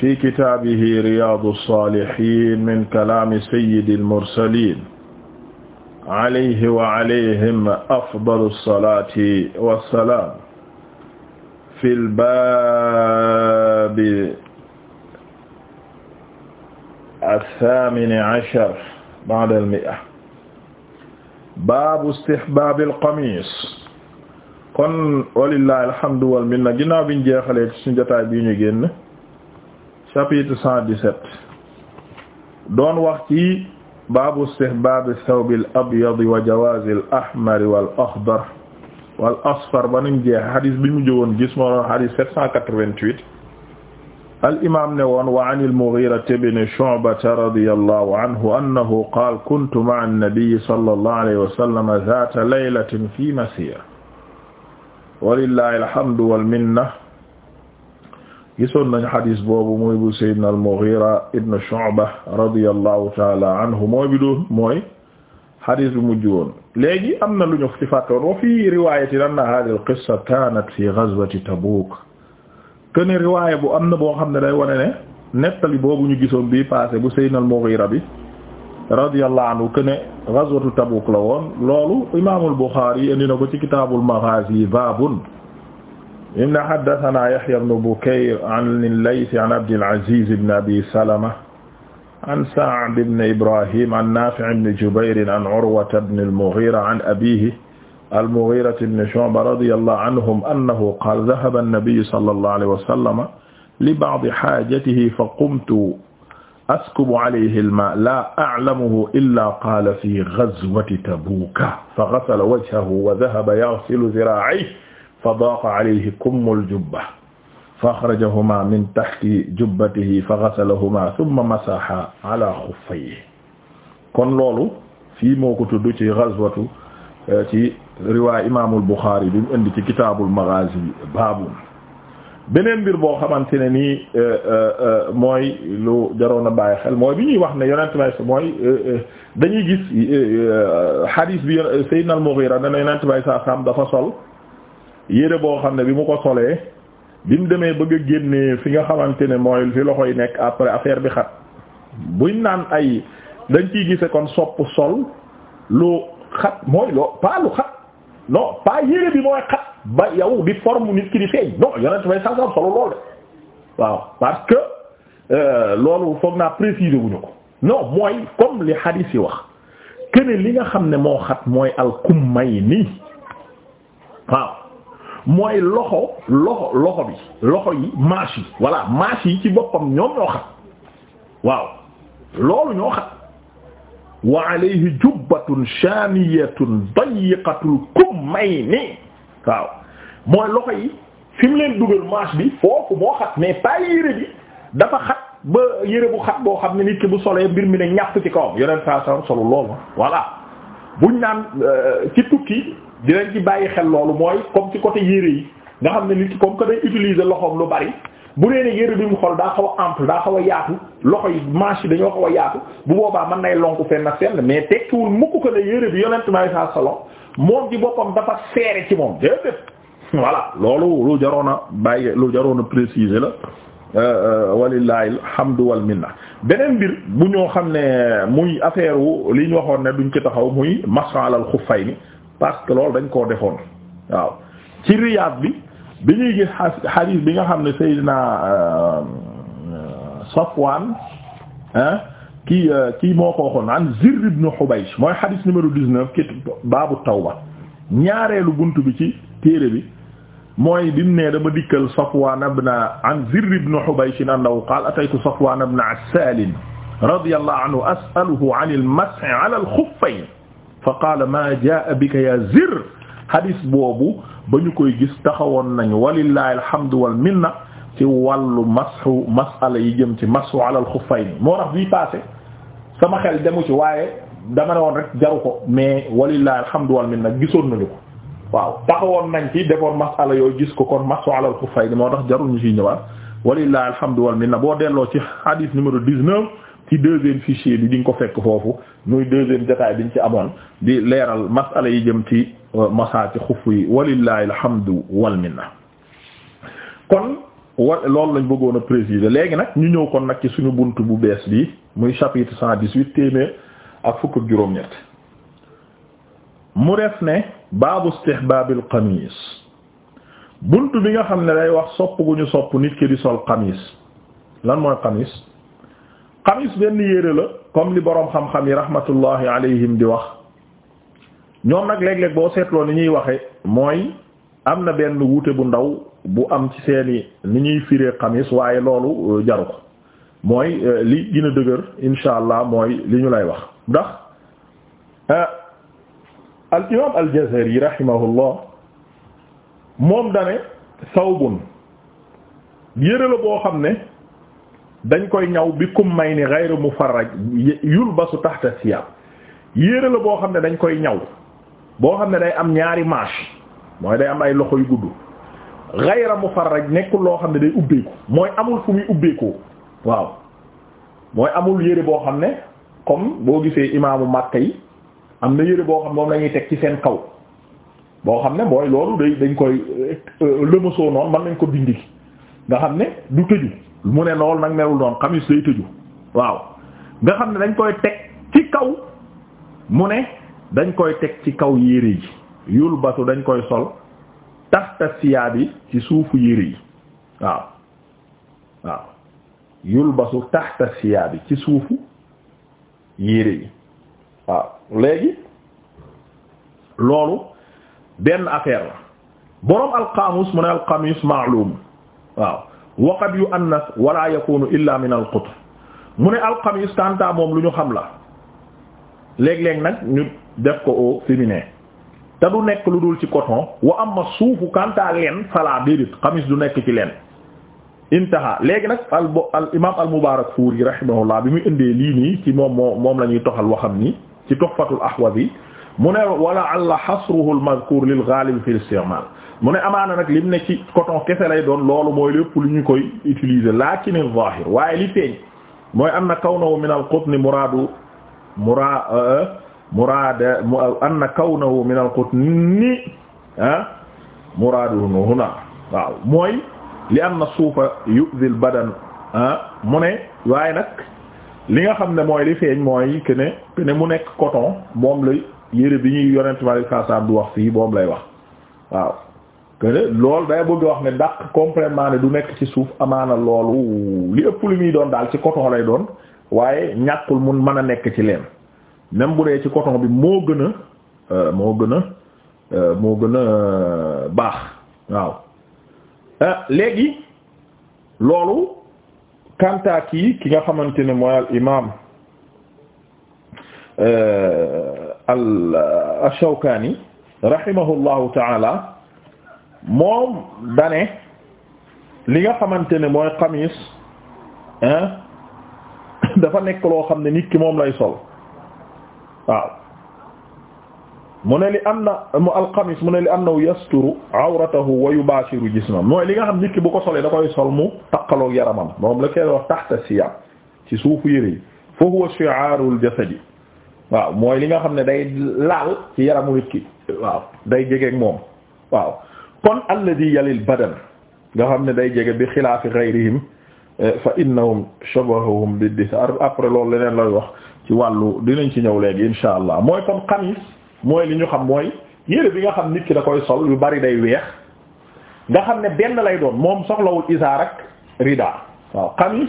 fi kitaabihi riyaadu saalihiin min kalaami sayyidil mursaliin alayhi wa alayhim afdalu salaati wa salaam fil baabi as-saamini ashar ba'dal mi'a baabu istihbaabil qamiis kon walillaahi alhamdu wal minna ginnaaw biñ jeexalee ci suñu jotaay bii ñu génn. chapitre cent dix-sept doon wax ci baabu istihbaab ath-thawb al-abyad wa jawaaz al-ahmar wal-akhdar wal-asfar ba nuñ jeex xadis bi mu jëwoon gis moo doon xadis sept cent quatre-vingt-huit al-imaam ne woon wa an al-Mughira ibn Shu'ba radiyallahu anhu annahu qaala kuntu ma'a an-nabiyyi sallallahu alayhi wa sallam dhaata laylatin fi masiir wa lillahi al-hamdu wal minna gisoon nañ xadis boobu mooy bu sayyidina al-Mughira ibn Shu'ba radiyallahu taala anhu mooy bi doon mooy xadis bi mujj woon léegi am na lu ñu ci fàtte woon wa fii riwaayatin anna haadhihi al-qissa kaanat fi ghazwati Tabuuk kene riwaaya bu am na boo xam ne day wane ne nettali boobu ñu gisoon bii passé bu sayyidina al-Mughira bi radiyallahu anhu kene ghazwatu Tabuuk la woon loolu imaamul Buxaari indi na ko ci kitaabul Maghaazi baabun inna haddathana Yahya ibn Bukayr an al-Layth an Abd al-Aziz ibn Abi Salama an Sa'd ibn Ibrahim an Nafi' ibn Jubayr an Urwa ibn al-Mughira an abihi al-Mughira ibn Shu'ba radiyallahu anhum annahu qala dhahaba an-nabiyyu sallallahu alayhi wa sallam li ba'di haajatihi faqumtu askubu alayhi al-maa laa a'lamuhu illaa qaala fi ghazwati Tabuuka faghasala wajhahu wa dhahaba yaghsilu dhiraa'ayhi fa daaqa alayhi kummul jubba fa axrajahumaa min tahti jubbatihi fa ghasalahumaa thumma masaha ala xuffayhi kon loolu fii moo ko tudd ci ghazwatu euh, ci riwaay imaamul Buxaari bi mu indi ci kitaabul maghaazi baabun beneen mbir boo xamante ne nii euh, euh, mooy lu jaroon a bàyyi xel mooy bi ñuy wax ne yonent bay mooy dañuy gis hadith bi Seydina al-Mughira dana yonent bay saa saam dafa sol yére boo xam ne bi mu ko solee bi mu demee bëgg a génnee fi nga xamante ne mooy fi loxo yi nekk après affaire bi xat buñ naan ay dañ ciy gise kon sopp sol lu xat mooy loo pas lu xat non pas yére bi mooy xat ba yow di forme nit ki di feeñ non yonent bay sansam solo lool de waaw parce que euh, loolu foog naa préciser wuñu ko non mooy comme li hadis yi wax kene li nga xam ne moo xat mooy al kummayni waaw mooy loxo loxo loxo bi loxo yi manche yi voilà manche yi ci boppam ñoom ñoo xat waaw loolu ñoo xat wa alayhi jubbatun shamiyatun dayiqatul kummayni waaw mooy loxo yi fi mu leen dugal manche bi foofu moo xat mais pas yére bi dafa xat ba yére bu xat boo xam ne nit ki bu solee mbir mi ne ñàpp ci kawam yeneen saa saa solu loolu voilà buñ naan euh, ci tukki dinañ ci bàyyi xel loolu mooy comme ci côté yére yi nga xam ne nit ki comme que day utiliser loxoom lu bari bu dee ne yére bi mu xool daa xaw a ample daa xaw a yaatu loxo yi manche dañoo xaw a yaatu bu boobaa man nay lonku fenn fenn mais tekkiwul mukk ko ne yére bi yonent may sa salon moom ci boppam dafa seere ci moom déedéet voilà loolu lu jaroon a bàyyi lu jaroon a préciser la euh, euh, walillahi alhamdu wal minna beneen mbir bu ñoo xam ne muy affaire wu li ñu waxoon ne duñ ci taxaw muy masha alal xuffayni parce que loolu dañ koo defoon waaw ci Riyad bi bi ñuy gis xadiis bi nga xam ne Seydina euh, Safwan kii euh, kii moo ko waxoon an Zirr ibn Hubaysh mooy xadiis numéro 19 ki baabu tawba ñaareelu bunt bi ci téere bi mooy bim ne dama dikkal Safwan ibn an Zirr ibn Hubaysh annahu qaala ataytu Safwan ibn Assaal radiyallahu anhu as'aluhu an al-mas'i ala al-khuffayn fa qaala maa jaa bika ya zir hadis boobu ba ñu koy gis taxawoon nañ walillahi alhamdu wal minna ci wàllu masxu masala yi jëm ci masxu ala al xuffayn moo tax bii passé sama xel demu ci waaye dama ne woon rek jaru ko mais walillahi alhamdu wal minna gisoon nañu ko waaw taxawoon nañ ci defoon masala yooyu gis ko kon masxu ala al xuffayn moo tax jarul ñu ciy ñëwaat walillahi alhamdu wal minna boo delloo ci hadis numéro 19 ci deuxième fichier bi di nga ko fekk foofu muy deuxième jotaay bi ñu ci amoon di leeral masala yi jëm ci euh, masaati xuff yi walillahi alhamdu wal minna kon wa loolu lañ bëggoon a préciser léegi nag ñu ñëw kon nag ci suñu bunt bu bees bi muy chapitre cent dix-huit téeméer ak fukk juróom-ñett mu def ne baabu istihbaabil xamiis bunt bi nga xam ne day wax sopp gu ñu sopp nit ki sol xamiis lan mooy xamiis xamis benn yére la comme li boroom xam-xam yi rahmatullahi alayhim di wax ñoom nag léeg-léeg boo seetloo ni ñuy waxe mooy am na benn wuute bu ndaw bu am ci seeni ni ñuy firee xamis waaye loolu euh, jaru ko mooy euh, li gën a dëgër insha allah mooy li ñu lay wax ndax euh, al imaam al jazari rahimahullah moom saw sawbun yére la boo xam ne dañ koy ñaw bi kum may ni ghayru mufarraj yulbasu tahta siyab yére la boo xam ne dañ koy ñaw boo xam ne day am ñaari manche mooy day am ay loxo yu gudd ghayra mufarraj nekkul loo xam ne day ubbeeku mooy amul fu muy ubbeekoo waaw mooy amul yére boo xam ne comme boo gisee imaamu Makka yi am na yére boo xam ne moom lañuy teg ci seen kaw boo xam ne mooy loolu day dañ koy euh, lëmasoo noonu mën nañ ko dindi nga xam ne du tëju mu ne loolu nag melul noonu xamis day tëju waaw nga xam ne dañ koy teg ci kaw mu ne dañ koy teg ci kaw yére yi yul basu dañ koy sol taxta siyaab yi ci suufu yére yi waaw waaw yul taxta siyaab yi ci suufu yére yi waaw léegi loolu benn affaire la boroom alxamus mu ne alxamis maalum waaw waqad yu annas wala yakunu illa min al qutr mu ne alxamis tanta moom lu ñu xam la léeg-léeg nag ñu def ko au féminin te du nekk lu dul ci coton wa am ma suufu kanta leen fala déedéet xamis du nekk ci leen intaha léegi nag al al imam al mubarak fuur yi rahimahullah bi muy indee lii nii ci moom moo moom la ñuy toxal waxam ni ci tuhfatul ahwazi mu ne wala alla xasruhu al mazkur lil ghalib fi al istimal mu ne amaana nag lim ne ci coton kese lay doon loolu mooy lépp lu ñu koy utiliser lakin az-zahir waaye li feeñ mooy am na kawnahu min al-qutn muraadu mura euh, muraada am na kawnahu min al-qutn ah muraadu huna waaw mooy li am na suufa yu'dhi al-badan ah, mu ne waaye nag li nga xam ne mooy li feeñ mooy que ne mu nekk coton moom la yére bi ñuy yonent bi sallallahu alayhi du wax fii moom lay wax waaw lool loolu day bëgg wax ne dàq complètement ne du nekk ci suuf amaana loolu li ëpp lu muy doon daal ci coton lay doon waaye ñàkkul mun mën a nekk ci leen même bu dee ci coton bi moo gën a euh, moo gën a euh, moo gën a euh, baax waaw léegi loolu kantaak yi ki nga xamante ne mooy al imam al Shawkani rahimahullahu taala moom dane li nga xamante ne mooy xamis hein dafa nekk loo xam ne nit ki moom lay sol waaw mu ne li am na mu alxamis mu ne li am na yasturu awratahu wa yubashiru jisma mooy li nga xam nit ki bu ko solee da koy sol mu takkaloog yaramam moom la koy wax taxta siyam ci suuf yére yi fa huwa shi'arul jasadi waaw mooy li nga xam ne day laal ci yaramu nit ki waaw day jegeeg moom waaw kon alladi yalil badan nga xam ne day jege bi xilaafi ghayrihim eh, fa innahum shabahahum biddisar après loolu leneen lay wax ci wàllu dinañ ci ñëw léegi insha allah mooy kon xamis mooy li ñu xam mooy yére bi nga xam nit ki da koy sol yu bari day weex nga xam ne benn lay doon moom soxlawul isaar ak rida waaw xamis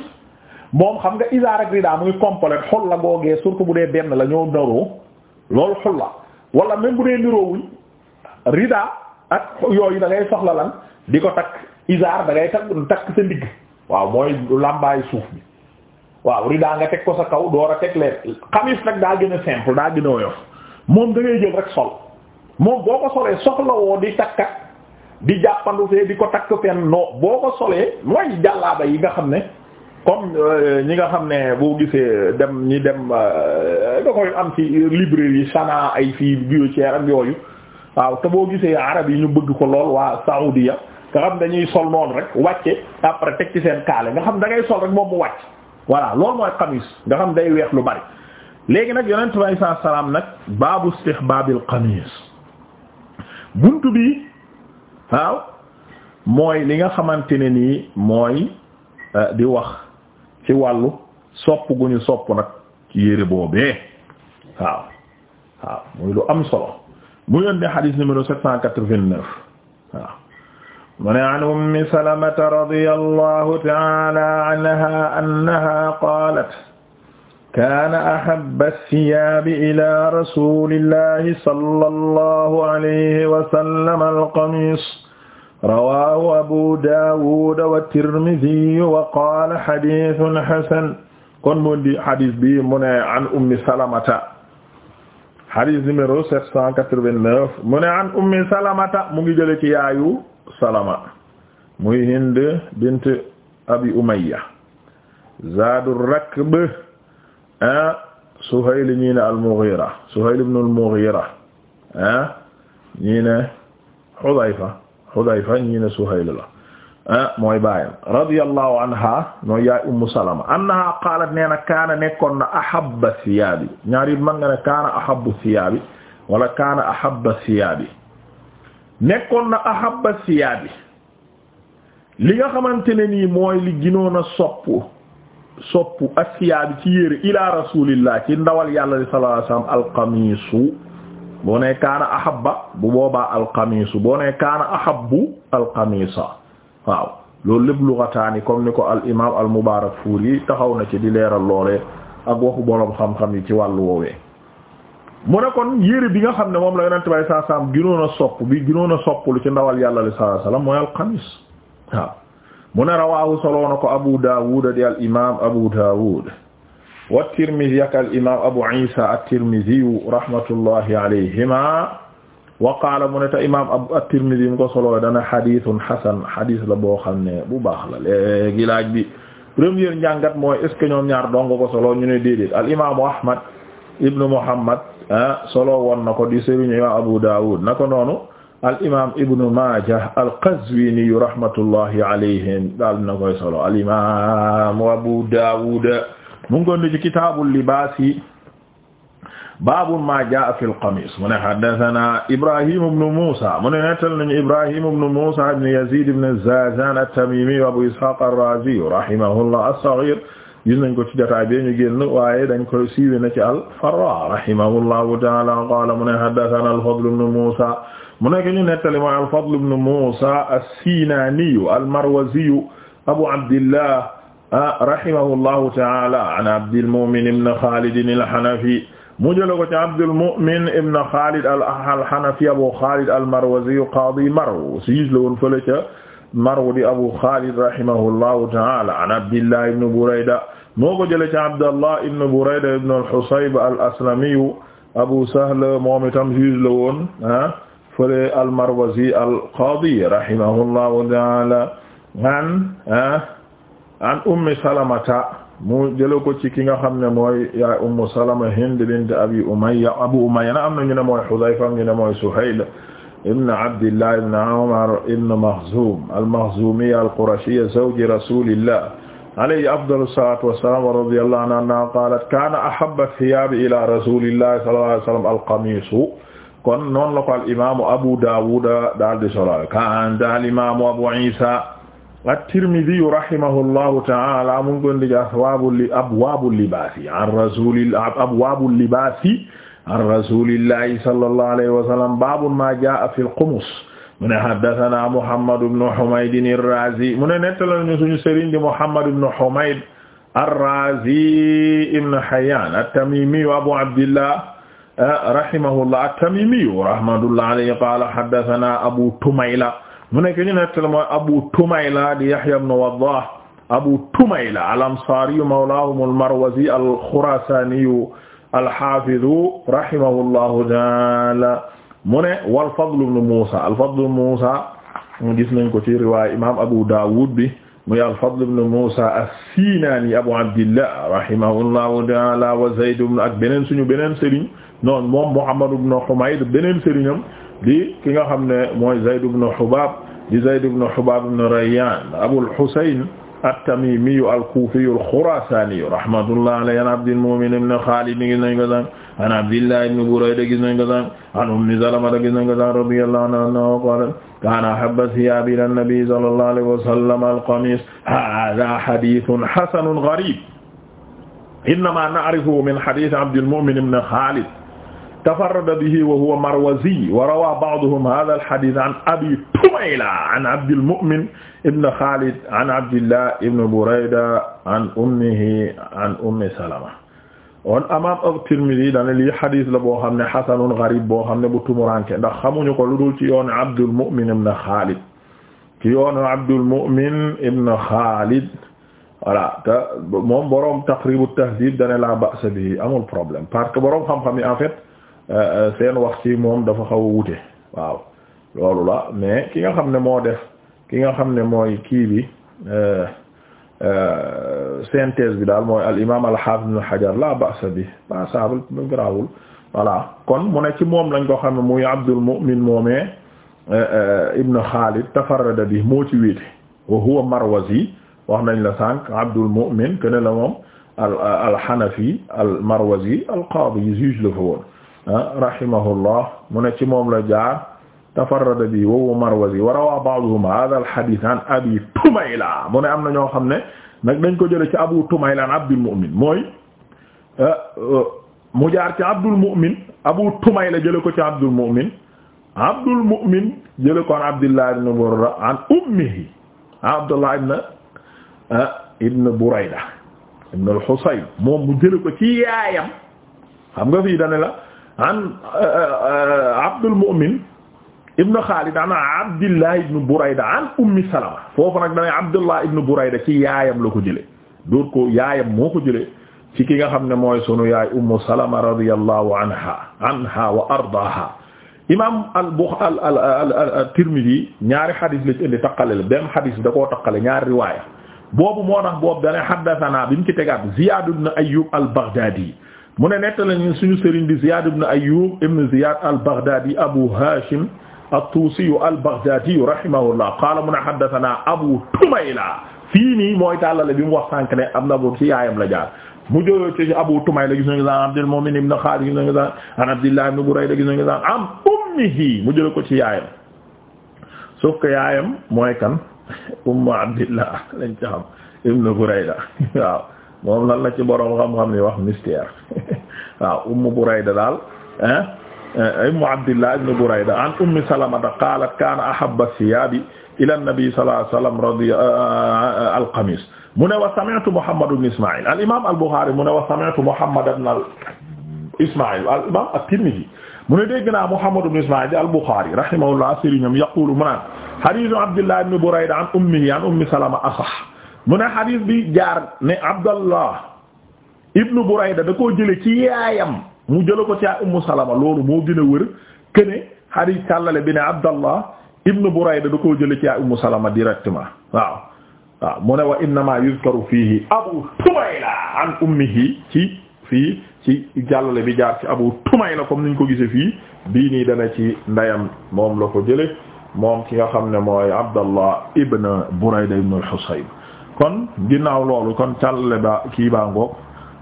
moom xam nga isaar ak rida muy complet xol la googee surtout bu dee benn la ñoo naroo loolu xol la wala même bu dee niroowuñ rida ak yooyu da ngay soxla lan di ko takk isaar da ngay takk takk sa ndigg waaw mooy làmbaayu suuf bi waaw ridaa nga teg ko sa kaw door a teg leen xamis nag daa gën a simple daa gën a woyof moom dangay ngay jël rek sol moom boo ko solee soxla woo di takka di jàppandu fee di ko takk fenn non boo ko solee mooy jàllaaba yi nga xam ne comme euh, ñi nga xam ne boo gisee dem ñi dem euh, da koy am ci librairie yi Sana ay fii biu ak yooyu waaw te boo gisee arab yi ñu bëgg ko lool waa Saoudia nga xam dañuy sol noonu rek wàcce après teg ci seen kaale nga xam da ngay sol rek moom mu wàcc voilà loolu mooy xamis nga xam day weex lu bari léegi nag yonent bi alayhi salaam nag baabu istihbaabil xamis buntu bi waaw mooy li nga xamante ne nii mooy euh, di wax ci wàllu sopp gu ñu sopp nag yére boobee waaw waaw muy lu am solo mu yónnee xadis numéro 789 waaw mu ne an ummi salamata radiyallahu ta'ala anha annaha qaalat kaana ahabba ath-thiyaabi ila rasulillahi sallallahu alayhi wa sallam al-qamiis rawaahu abu daawud wa tirmidhi wa qaala xadiisun xasan kon mu di xadis bi mu ne an ummi salamata hadis numéro 789 mu ne an ummi salamata mu ngi jële ci yaayu salama muy hind bint abi umayya zaadu rakb ah suhayl ñii ne al-mughira suhayl ibn al-mughira ah ñii ne hudayfa hudayfa ñii ne suhayl la Ah, mooy baayam radiyallahu anha mooy yaay ummu salama annaha qaalat nee na kaana nekkoon na ahabba siyaabi ñaar yi mën nga ne kaana ahabbu siyaabi wala kaana ahabba siyaabi nekkoon na ahabba siyaabi li nga xamante ne nii mooy li ginoon a sopp sopp asiyaabi ci yére ila rasulillah ci ndawal yàlla li sallallahu alayhi wasallam alqamiisu boo ne kaana ahabba bu boobaa alqamiisu boo ne kaana ahabbu alqamiisa waaw loolu lépp luxataani comme ni ko al imaam al mubaarak taxaw na ci di leeral loolee ak waxu boroom xam-xam yi ci wàllu woowee mu ne kon yére bi nga xam ne moom la yonent bay saa saam ginoon a bi ginoon a sopplu ci ndawal yàlla li saa sallam mooy al mu ne rawaahu soloo na ko abu daawud di al imaam abu daawud wa tirmidhi ak al imaam abu isa at-tirmidhi rahmatullahi alayhima wa qaala mu ne te imaam ab at mu ko solo dana xadiisun xasan xadiis la boo xam ne bu baax la léegi laaj bi première njàngat mooy est ñoom ñaar dong ko solo ñu ne déedéet al imaamu Ahmad ibnu Muhammad ah, solo woon na ko di sëriñu imaam Abu Dawud na ko noonu al imaam ibnu Maajah al-Qazwini rahmatullahi alayhim daal na koy solo al imaamu Abu Dawud mu ko ci kitaabul libaas yi. baabun maa jaa fil qamiis mu ne haddasanaa Ibrahim ibn Muusaa mu ne nettal nañu Ibrahim ibn Muusaa ibn Yaziid ibn Zaazaan at-Tamiimi Abu Ishaaq ar-Raazi rahimahullah as-Saghiir gis nañ ko ci jotaay bi ñu génn waaye dañ koy siiwee na ci al-Farra rahimahullahu ta'aala qaala mu ne haddasanaa al-Fadl ibn Muusaa mu ne ñu nettali mooy al-Fadl ibn Muusaa as-Siinaaniyu al-Marwaziyu Abu Abdillah rahimahullahu ta'aala an Abdil Mu'min ibn Xaalid al-Hanafi mu jële ko ci Abdul Mu'min ibn Khalid al-Hanafi Abu Khalid al-Marwazi qadi Marw siis la woon fële ca Marw di Abu Khalid rahimahullahu ta'ala an Abdillah ibn Burayda moo ko jële ci Abdallah ibn Burayda ibn al-Husayb al-Aslami Abu Sahl moom itam siis la woon ah fële al-Marwazi al-qadi rahimahullahu ta'ala an an Ummi Salamata mu jële ko ci ki nga xam ne mooy yaay ummu salama hind bint abi umayya abu umayya na am na ñu ne mooy xudayfa ñu ne mooy suhayl ibn abdillah ibn umar ibn maxzum almaxzumiya alqurashiya zawji rasulillah alayhi afdalu salatu wassalam wa radiyallahu anha qalat kana ahabba thiyaabi ila rasulillahi sallallahu alayhi wasallam alqamisu kon noonu la ko al imamu abu dawuda daal di solal kan daal imamu abu isa at-Tirmidhi rahimahullahu ta'ala mu ngi ko indi abwaabul li abwaabul libaasi an rasuulil abwaabul libaasi an rasuulillahi sallallahu alayhi wa sallam baabun maa jaa'a fil qumus mu ne haddathana Muhammad ibn Humayd ar-Raazi mu ne nettali ñu suñu sëriñ di Muhammad ibn Humayd ar-Raazi ibn Hayyan at-Tamimi wa Abu Abdillah rahimahullah at-Tamimi rahmatullahi alayhi qaala haddathana Abu Tumayla mu nekk ñu nettali mooy Abu Tumayla di Yahya ibn Waddah Abu Tumayla al-Ansari mawlahum al-Marwazi al-Khurasani al-Hafiz rahimahullahu ta'ala mu ne wal-Fadl ibn Musa al-Fadl ibn Musa gis nañ ko ci riwaaya imam Abu Dawud bi muy al-Fadl ibn Musa as-Sinani Abu Abdillah rahimahullahu ta'ala wa Zayd ibn ak beneen suñu beneen sëriñ noon moom Muhammad ibn Humayd beneen sëriñam di ki nga xam ne mooy Zayd ibn Hubaab di Zayd ibn Hubaab ibn Rayyan Abul Husayn at-Tamimi al-Kufi al-Khurasani rahmatullah alayhi an Abdil Mu'min ibn Khalid gis nañ ko sànq an Abdillah ibn Burayda gis nañ ko sànq an Ummi Salama gis nañ ko sànq radiyallahu anha qaala kaana ahabba thiyaabi ila an-nabi sallallahu alayhi wa sallam al-qamis haadha hadithun hasanun gharib innama na'rifuhu min hadith Abdil Mu'min ibn Khalid tafarrada bihi wa huwa marwazi wa rawaa ba'duhum haadha al-hadiith an abi tumayla an abdil mu'min ibn xaalid an abdillah ibn burayda an ummihi an ummi salama. on imaam at-Tirmidhi dana lii xadis la boo xam ne xasanun gariib boo xam ne bu tumuranke ndax xamuñu ko lu dul ci yoonu abdul mu'min ibn xaalid ci yoonu abdul mu'min ibn xaalid voilà te moom boroom taqribu tahdib dana la ba'sa bihi amul problème parce que boroom xam-xam yi en fait. Euh, euh, seen wax ci moom dafa xaw a wute waaw loolu la mais ki nga xam ne moo def ki nga xam ne mooy kii bi euh, synthèse bi daal mooy al imaam al hafiz ibn hajar la ba'sa bi pasable grawul voilà kon mu ne ci moom lañ ko xam ne muy abdul mu'min moomee ibn khalid tafarrada bi moo ci wéete wa huwa marwazi wax nañ la sànq abdul mu'min kene la moom al al hanafi al marwazi al qaadi juge la fa woon Ah, rahimahullah mu ne ci moom la jaar tafarrada bi wawu marwazi wa rawa ba'dhum hadha al hadith an abi tumayla mu ne am na ñoo xam ne nag dañ ko jële ci abu tumayla an abdul mu'min mooy ah, ah, mu jaar ci abdul mu'min abu tumayla jële ko ci abdul mu'min abdul mu'min jële ko an abdullah ibn burra an ummihi abdullah ibn ibn burayda ibn al husayn moom mu jële ko ci yaayam xam nga fii dane la an uh, uh, uh, Abdul Mu'min ibn Xaalid an Abdullah ibn Burayda an Ummi Salama foofu nag danay Abdullah ibn Burayda ci yaayam la ko jëlee dóor ko yaayam moo ko jëlee ci ki nga xam ne mooy sunu yaay Ummu Salama radiyallahu anha anha wa ardaaha imam al-Bukhari al-Tirmidhi ñaari xadis la ci indi taqale la benn xadis da koo taqale ñaari riwaaya boobu moo tax boobu danay haddathana bi mu ci tegaat Ziyaad ibn Ayyub al-Baghdadi mu ne netta lañu suñu sëriñ bi Ziyad ibn Ayyub ibn Ziyad al-Baghdadi Abu Hashim at-Tusi al-Baghdadi rahimahullah qaala mu ne haddathana Abu Tumayla fii nii mooy tàllale bi mu wax sànq ne am na boobu ci yaayam la jaar mu jógee ci Abu Tumayla gis nañu daan Abdul Mu'min ibn Khalid gis nañu daan an Abdillah ibn Burayda gis nañu daan am ummihi mu jëlee ko ci yaayam sauf que yaayam mooy kan ummu Abdillah lañ ci xam ibn Burayda waaw. moom lan la ci borom xam-xam ni wax mystère waaw ummu Burayda daal eh, ummu Abdillah ibn Burayda an ummi Salamata qaalat kaana ahabba siyaabi ila nabi sallallahu alayhi wa sallam radiya eh, eh, al-qamis mu ne wa sami'tu Muhammad ibn Isma'il al-imam al-Bukhari mu ne wa sami'tu Muhammad ibn Isma'il al-imam at-Tirmidhi mu ne dégg naa Muhammad ibn Isma'il al-Bukhari rahimahullah sëriñam yaqulu mu naan hadithu Abdillah ibn Burayda an ummihi an ummi Salama asah mu ne xadiis bi jaar ne abdallah ibnu burayda da koo jële ci yaayam mu jële ko ci yaay ummu salama loolu moo gën a wër këne xadiis càllale bi ne abdallah ibnu burayda da koo jële ci yaay ummu salama directement waaw waaw mu ne wa innama yuzkaru fiihi abu tumayla an ummihi ci fii ci jàllale bi jaar ci abu tumayla comme niñ ko gise fii bii nii dana ci ndeyam moom la ko jële moom ki nga xam ne mooy abdallah ibn burayda ibn al-husayn kon ginnaaw loolu kon càllale ba kii baa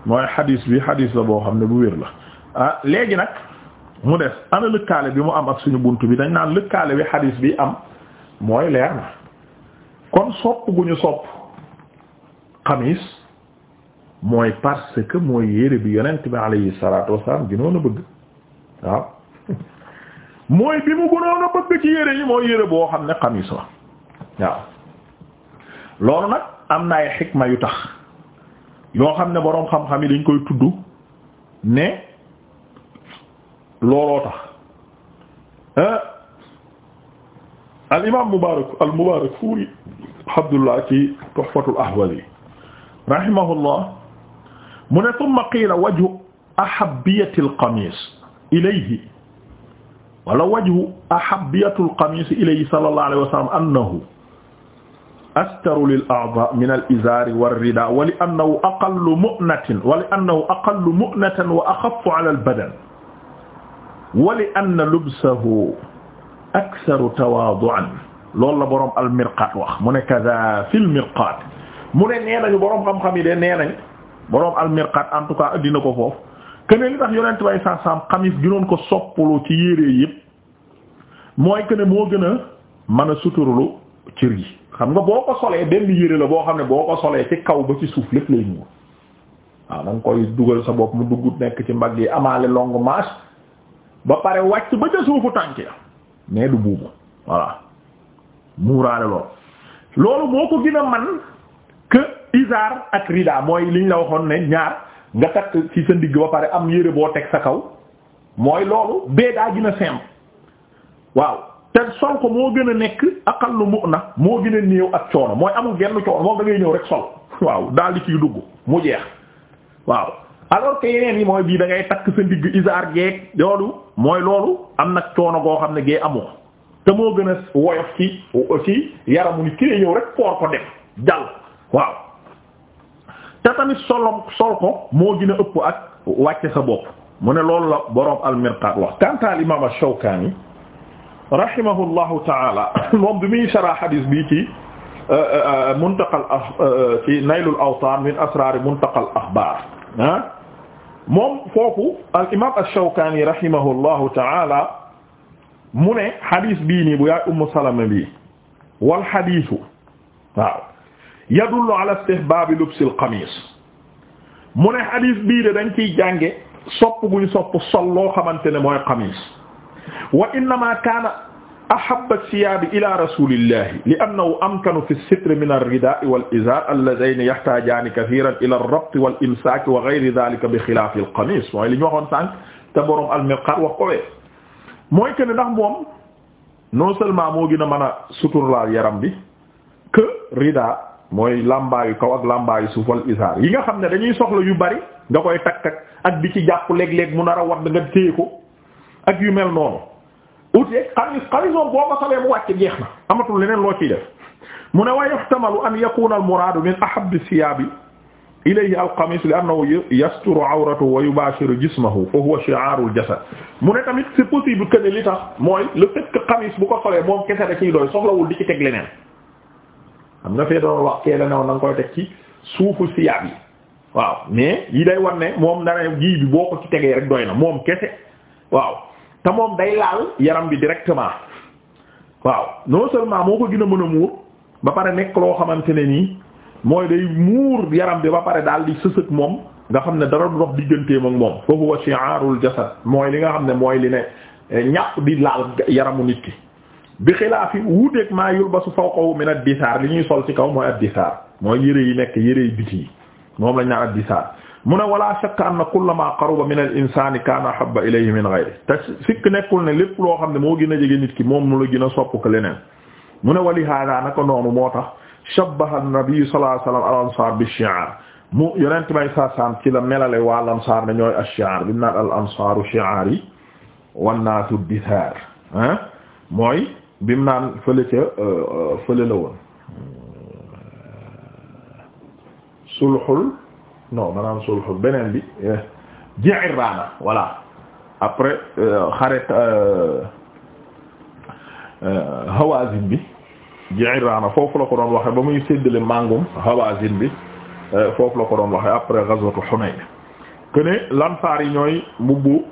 mooy xadis bi xadis la boo xam ne bu wér la ah léegi nag mu def ana lëkkaale bi mu am ak suñu bunt bi dañ naan lëkkaale bi xadis bi am mooy leer na kon sopp gu ñu sopp xamis mooy parce que mooy yére bi yonent bi alayhi salaatu wassalaam gënoon a bëgg waaw mooy bi mu gënoon bëgg ci yére yi mooy yére boo xam ne xamis la waaw loolu nag am na ay xikma yu tax yoo xam ne boroom xam-xam yi dañ koy tudd ne looloo tax eh? al imaam Mubaarak al Mubaarakfuuri Abdullah ci Tuhfatul Ahwazi rahimahullah mu ne thumma qiila wajhu ahabbiyatil qamiis ilayhi wala wajhu ahabbiyatil qamiis ilayhi sallallahu alayhi wa sallam annahu astaru lil a'dha min al izari war rida wa li annahu aqallu mu'natin wa li annahu aqallu mu'natan wa axaffu ala al badan wa li anna lubsahu aktharu tawaadu'an loolu la boroom al mirqaat wax mu ne kadha fil mirqaat mu ne nee nañu boroom xam-xam yi de nee nañ boroom al mirqaat en tout cas dina ko foofu kene li tax yonent bay sa sam xamis ginoon ko soppalu ci yére yépp mooy que ne moo gën a mën a suturlu cir gi xam nga boo ko solee benn yére la boo xam ne boo ko solee ci kaw ba ci suuf lépp lay muur waaw da koy dugal sa bopp mu dugg nekk ci mbagg yi amaale longue manche ba pare wàcc ba ca suufu tànk ya mais du buubu voilà muuraale lool loolu moo ko gën a man que isaar ak rida mooy liñ la waxoon ne ñaar nga takk ci sa ndigg ba pare am yére boo teg sa kaw mooy loolu bee daa gën a waaw te sol ko moo gën a nekk aqallu mu'na moo gën a néew ak coono mooy amul genn coono moom da ngay ñëw rek sol waaw daal di ciy dugg mu jeex waaw alors que yeneen yi mooy bii da ngay takk sa ndigg isaar geeg loolu mooy loolu am nag coono goo xam ne gee amoo te moo gën a woyof ci ci yaramu ni kii ñëw rek koor ko dem jàll waaw te tamit sol ko moo gën a ëpp ak wàcce sa bopp mu ne loolu la boroom al-Mirqaat wax quant à l'imam Shawkaani rahimahullahu taala moom bi muy sara hadis bi ci euh, euh, euh, muntaqal a ci naylul awtaan min asraar muntaqal axbaar ah moom foofu al imam ash-Shawkaani rahimahullahu taala mu ne hadis bii nii bu yaay ummu salama bii wal hadisu waaw yadullu ala istihbaabi lubsil qamiis mu ne hadis bii de dañ ciy jànge sopp guñ sopp sol loo xamante ne mooy qamiis wa innama kaana ahabba siyaabi ila rasulillahi li annahu amkanu fi sitri min ar-ridaa'i wal izaar alladhayni yahtaajaani kathiran ila ar-rabti wal imsaaki wa ghayri dhaalika bi xilaafi al-qamiis mooy li ñu waxoon sànq te borom al-Miqaar wax ko wee mooy que ne ndax moom non seulement moo gën a mën a suturaal yaram bi que rida mooy lambaayu kaw ak lambaayu suuf wal izaar yi nga xam ne dañuy soxla yu bari nga koy takk ak di ci jàpp léeg-léeg mu nar a war nga téye ko. ak yu mel noonu ute xamis xamisoon boo ko solee mu wàcc jeex na amatul leneen loo ci def mu ne wa yuhtamalu an yakuna al muraadu min ahabbi siyaabi ilayhi al qamis li annahu yasturu awratahu wa yubashiru jismahu fa huwa shi'aaru al jasad mu ne tamit c'est possible que ne li tax mooy le fait bu ko solee moom kese da ciy doy soxlawul di ci teg leneen xam nga fee doon wax na nga koy ci suufu siyaab waaw mais yi day war ne moom dana gii bi boo ko ci tegee rek doy na moom kese waaw te moom day laal yaram bi directement waaw non seulement moo ko gën a mën a muur ba pare nekk loo xamante ne nii mooy day muur yaram bi ba pare daal di sësëg moom nga xam ne dara du dox digganteem ak moom fa huwa shi'arul jasad mooy li nga xam ne mooy li ne eh, ñàpp di laal yaramu nit ki bi xilaafi wuuteeg maa yulbasu fawqahu min ad-disaar li ñuy sol ci kaw mooy ad-disaar mooy yére yi nekk yére yi biti yi moom lañ naan ad mu ne wala shakka anna kullama qaruba min al insani kaana ahabba ilayhi min ghayri te sikk nekkul ne lépp loo xam ne moo gën a jege nit ki moom mu la gën a sopp ko leneen mu ne wali hada naka noonu moo tax shabbaha an-nabi sallallahu alayhi wa sallam al ansar bi shi'ar mu yonent may saasaan ci la melale waa al ansar ne ñooy ash-shi'ar bi naan al ansaaru shi'ar yi wan naasu dithaar ah mooy bim naan fële ca euh, euh, fële la woon sulhul non danaan sulhul beneen bi eh, Ji'irraana voilà après euh, xaret euh, euh, Hawazin bi Ji'irraana foofu la ko doon waxe ba muy séddale màngum Hawazin bi foofu la ko doon waxe après ghazwatu Hunayn que ne lansaar yi ñooy mbubbu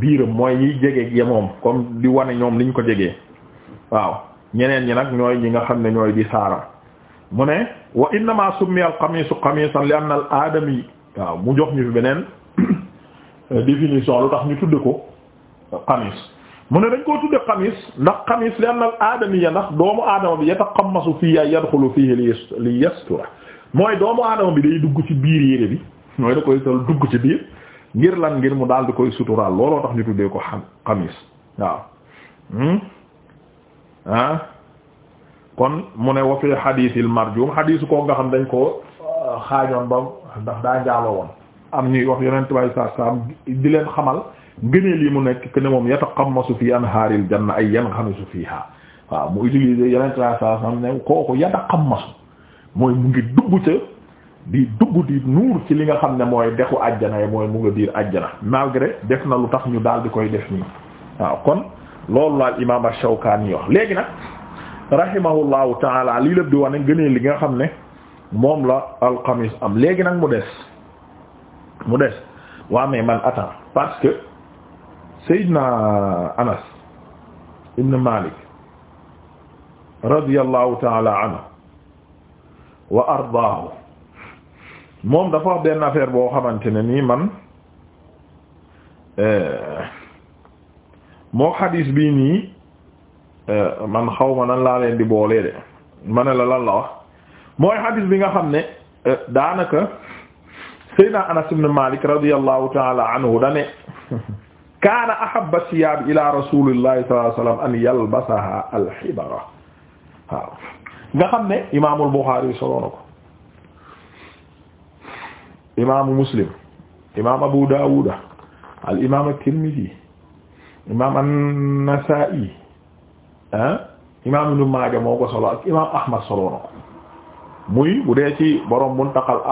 biiram mooy ñiy jege ya moom comme di wane ñoom liñ ko jegee waaw ñeneen ñi nag ñooy ñi nga xam ne ñooy di saara mu ne wa innama summiya al-qamiisu qamiisan li anna al-aadami waaw mu jox ñu fi beneen définition lu tax ñu tudd ko qamis mu ne dañ koo tudde xamis ndax xamis li am na aadamiya ndax doomu aadama bi yataqammasu fii ay yadxulu fiihi li li yastura mooy doomu aadama bi day dugg ci biir yére bi mooy da koy sol dugg ci biir ngir lan ngir mu daal di koy suturaal looloo tax ñu tuddee ko xamis waaw hmm? ah kon mu ne wa fi xadiisil marjuum xadiisu ko nga xam dañ ko euh, xaañoon ba ndax daa njaaloo woon am ñuy wax yonent bi saa saam di leen xamal gënee lii mu nekk que ne moom yataqammasu fi anhaaril janna ay yanxamisu fiiha waaw mu utiliser yonent bi saa saam ne kooku yataqammasu mooy mu ngi dugg ca di dugg di nuur ci li nga xam ne mooy dexu àjjana yi mooy mu nga biir àjjana malgré def na lu tax ñu daal di koy def nii waaw kon loolu laal imaam Ash-Shawkaani wax léegi nag. rahimahullahu taala lii lépp di wane gënee li nga xam ne moom la alxamis am léegi nag mu des mu des waa mais man attends parce que Seydina Anas ibn Malik radiyallahu taala anhu wa ardaahu moom dafa wax benn affaire boo xamante ne nii man eh, moo xadiis bii nii Euh, man xaw ma nan laa leen di boolee de ma ne la lan la wax mooy hadith bi nga xam ne euh, daanaka sayyidina Anas ibn Malik radiyallahu ta'ala anhu dane kaana ahabba siyaab ila rasulillahi sallallahu alayhi wasallam an yalbasaha alxibara waaw nga xam ne imaamul Buxaari solo na ko imaamu Muslim imaam Abu Daawuda al imaam at-Tirmidi imaam an-Nasaa'i ah imaam Ibnu Maaja moo ko solo ak imaam Ahmad solo ko muy bu dee ci borom Muntaqal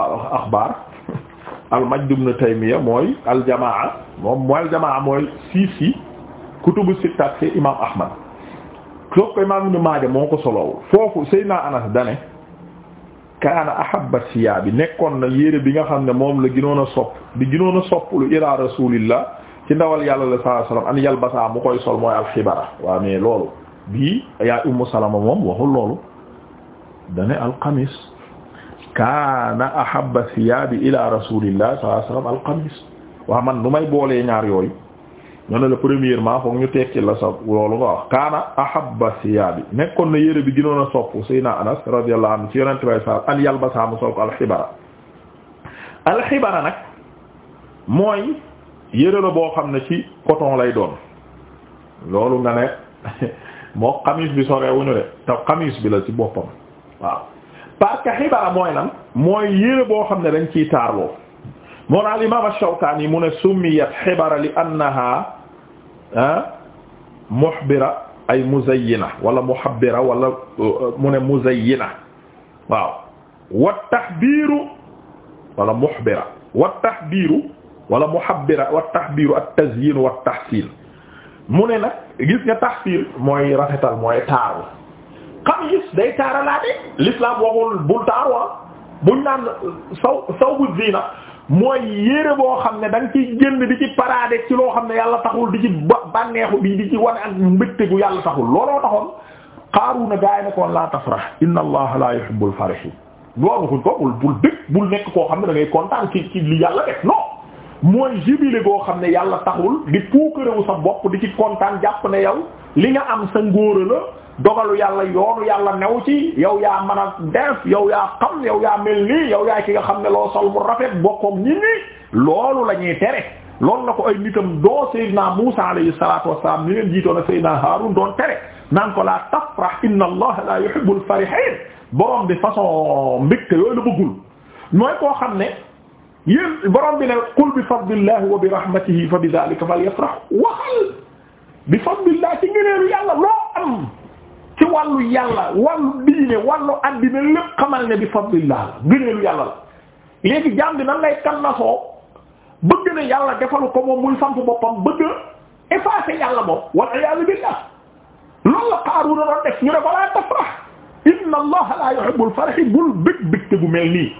Axbaar al-Majd ibn Taymiyya mooy al-jamaa moom mooy al-jamaa mooy sii si kutubu sitta ci imaam Ahmad soog ko imaam Ibnu Maaja moo ko solowul foofu Seydina Anas dane kaana ahabba siyaabi nekkoon na yére bi nga xam ne moom la gënoon a sopp di gënoon a sopp lu ilaa Rasuulillah ci ndawal yàlla la sallallahu alayhi wasallam an mu koy sol mooy alxibara waa mais loolu bii yaay ummu salama moom waxul loolu dane alxamis kaana ahabba thiyaabi ila rasulillah sallallahu alayhi wasallam alxamis waa man nu may boolee ñaar yooyu ñu ne la premièrement foog ñu tekki la sa loolu nga wax kaana ahabba thiyaabi nekkoon na yére bi gënoon a sopp sayna anas radiyallahu anhu ci yonente bay sal an yalbasaa mu sol alxibara alxibara nag mooy yére la boo xam ne ci coton lay doon loolu nga ne moo xamis bi soree wuñu de te xamis bi la ci boppam waaw parce que xibara mooy lan mooy yére boo xam ne dañ ciy taarloo moo na al imam ash-Shawkani mu ne summiyat xibara li annaha muhbira ay muzayyina wala muhabbira wala uh, mu ne muzayyina waaw wa tahbiru wala muhbira wa tahbiru wala muhabbira wa tahbiru at-tazyin wa at-tahsin mu ne nag gis nga tahsir mooy rafetal mooy taaru xam gis day taaralaate l'islam waxul bul taaru wa ah buñ naan saw saw bu ziina mooy yére boo xam ne da nga ciy génn di ci parade ci loo xam ne yàlla taxul di ci bànneexu bi di ci wane ak mbëgte gu yàlla taxul looloo taxoon Qaaruuna gaa yi ne koon laa tafrah inna allaha la yuhibbul farihin ko bul bul dëkk bul nekk koo xam ne dangay ngay kontaan ci li yàlla def non mooy jibile goo xam ne yàlla taxul di puukarewu sa bopp di ci kontaan jàpp ne yow li nga am sa ngóora la dogalu yàlla yoonu yàlla new ci yow yaa mën a def yow yaa xam yow yaa mel nii yow yaa ki nga xam ne loo sol mu rafet bokkoog ñi nii loolu la tere loolu la ko ay nitam doo Seydina Muusa alayhi salaatu wassalaam ni leen jiitoon a Seydina Haarun doon tere naan ko laa tafrah inna allaha la yuhibbul farihin borom bi façon mbégte yooyu la bëggul mooy koo xam ne yéen borom bi ne qul bi fadlillahi wa bi rahmatihi fa bi dhalika falyafrahu waxal bi fadlillahi ci ngëneelu yàlla loo am ci wàllu yàlla wàllu diine wàllu addina lépp xamal ne bi fadlillahi ngëneelu yàlla la léegi jaam bi nan lay kannasoo bëgg na yàlla defalu ko moom muy samp boppam bëgg effacer yàlla moom wal iyaadu billah loolu la Qaaruun doon def ñu ne ko laa tafrah inna allaha la yuhibbul farih bul bëgg bëgg te bu mel nii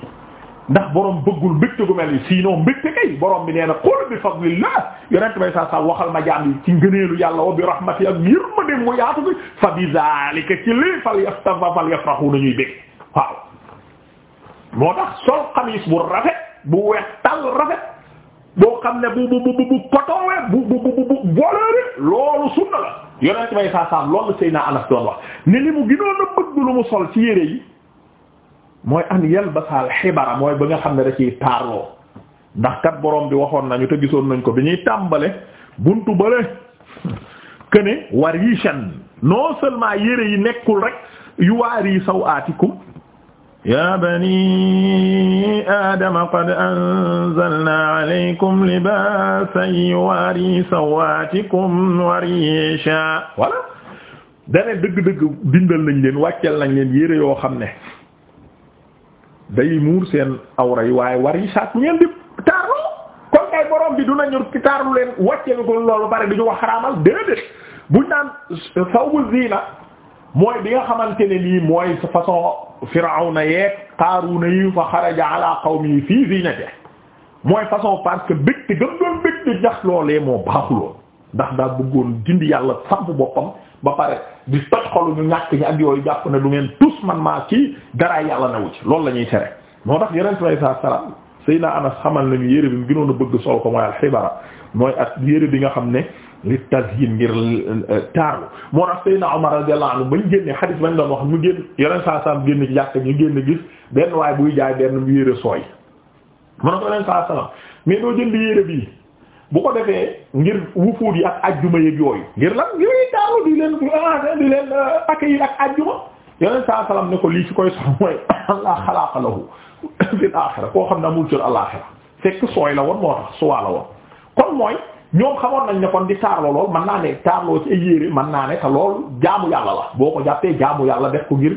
ndax borom bëggul mbégte gu mel ni sinon mbégte kay borom bi nee na qul bi fadlillah yonent bay saa saa waxal ma jaam i ci ngëneelu yàlla wa bi rahmati ak yërmande mu yaatu bi fa bi zalika ci lii fal yaftafa fal yafrahu nañuy bég waaw. moo tax sol xamis bu rafet bu weex tal rafet boo xam ne bu bu bu bu kotoowee bu bu bu bu voleeri loolu sunna a lu mu sol ci yére yi. mooy an yalbasaal xibara mooy ba nga xam ne da ciy taarloo ndax kat borom bi waxoon nañu te gisoon nañ ko bi ñuy tàmbale buntu bële këne warishan non seulement yére yi nekkul yu waari sawaatikum ya bani aadama qad anzalna alaykum libaasan yuwaari sawaatikum wa riisha wala dane dëgg-dëgg dindal nañ leen wàccel nañ leen yére yoo xam ne day muur seen awra yi waaye war yi saak lu ngeen di taarlu kon kay borom bi du nañu taarlu leen wàcce ko loolu bari du ñu wax xaraamal déedéet buñ naan sawbu ziina mooy bi nga xamante ne nii mooy façon firawna yeeg qaaruna yi fa xaraja ala qawmi fii ziinatihi mooy façon parce que bëgg te gëm doon bëgg di jax loolee moo baaxuloon ndax daa bëggoon dindi yàlla samp boppam ba pare di toj xolu ñu ñàkk ñi ak yooyu jàpp ne du ngeen tus man maa kii daraay yàlla newu ci loolu la ñuy tere moo tax yeneen sallallahu alayhi wasallam Seydina Anas xamal nañu yére bi mu gënoon a bëgg sol ko mooy alxibara mooy at yére bi nga xam ne li tazyin ngir euh, taaru moo tax Seydina Umar radiyallahu anhu bañ génne xadis bañ doon wax ñu génn yeneen saa salaam génn ci jàkk ñu génn gis benn waaye buy jaay benn yére sooy. mën na ko salaam mais doo jënd yére bii. bu ko defee ngir wufuud yi ak ajjuma yëg yooyu ngir lan ngir daaru di leen di leen ah, ah, accueillir ak ajjuma yeneen saa salaam ne ko lii ci koy sax xam ne amul cër sooy la woon moo tax suwaa la woon kon mooy ñoom xamoon nañ ne kon di taarloo lool mën naa ne taarloo ci ay yére mën naa ne te loolu jaamu yàlla la boo ko jàppee jaamu yàlla def ko ngir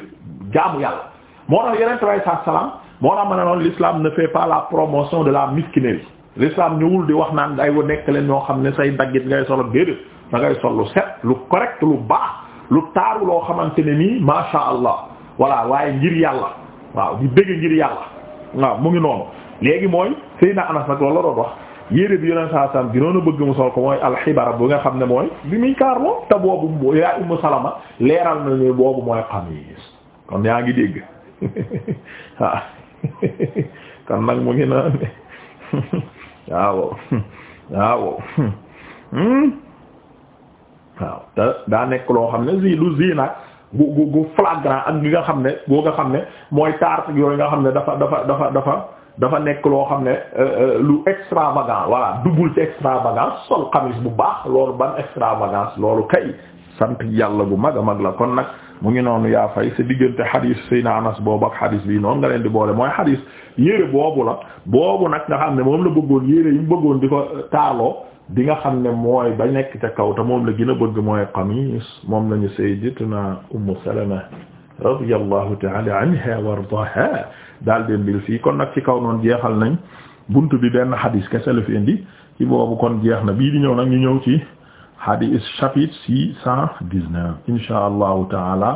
jaamu yàlla moo tax yeneen saa salaam moo tax ma ne noonu l'islam ne fait pas la promotion de la miskinerie l'islam ñëwul di wax naan ay wa nekk leen ñoo xam ne say daggit ngay solo déedéet da ngay sol lu set lu correct lu baax lu taaru loo xamante ne nii masha allah voilà waaye ngir yàlla waaw di bëgg ngir yàlla waaw mu ngi noonu léegi mooy Seydina Anas nag loolu la doon wax yére bi yeneen saa sam ginoon a bëgg mu sol ko mooy alxibara bu nga xam ne mooy bi muy kaarloo te boobu yaa Ummu Salama leeral na ne boobu mooy xamiis kon yaa ngi dégg waaw kon nag mu waaw waaw hmm? waaw te daa nekk loo xam ne zi lu zi nag gu gu gu flagrant ak gi nga xam ne boo nga xam ne mooy taar yooyu nga xam ne dafa dafa dafa dafa dafa nekk loo xam ne euh, euh, lu extravagant voilà double ci extravagance sol xamis bu baax loolu ban extravagance loolu kay sant yàlla bu mag a mag la kon nag mu ngi noonu yaa fay sa diggante xadis sayna anas boobu ak xadis bi noonu nga leen di boole mooy xadis yére boobu la boobu nag nga xam ne moom la bëggoon yére yi mu bëggoon di ko taaloo di nga xam ne mooy ba nekk ca kaw te moom la gën a bëgg mooy qamis moom la ñu lañu sayyidatuna ummu salama radiyallahu ta'ala anha wa ardaha daal den bil fii kon nag ci kaw noonu jeexal nañ buntu bi benn xadis kese la fi indi ci boobu kon jeex na bii di ñëw nag ñu ñëw ci hadis chapitre six cent dix-neuf insha allahu taala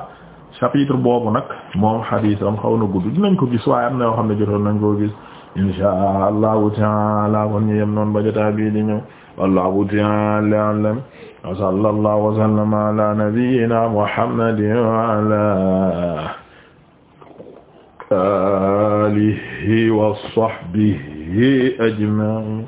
chapitre boobu nag moom hadis am xaw na gudd dinañ ko gis waaye am na yoo xam ne jotoon nañ koo gis insha allahu taala kon ñu yem noonu ba jotaa bii di ñëw wallahu taala a'lam wa sallallahu wa sallama ala nabiyyina muhammadin wa ala alihi wa sahbihi ajma'in